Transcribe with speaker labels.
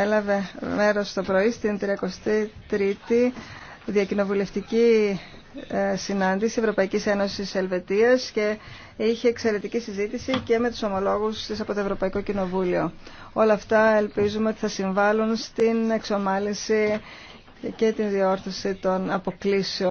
Speaker 1: έλαβε μέρος το πρωί στην 33η διακοινοβουλευτική ε, συνάντηση Ευρωπαϊκής Ένωσης Ελβετίας και είχε εξαιρετική συζήτηση και με τους ομολόγους της από το Ευρωπαϊκό Κοινοβούλιο. Όλα αυτά ελπίζουμε ότι θα συμβάλλουν στην εξομάλυνση και την διόρθωση των αποκλήσεων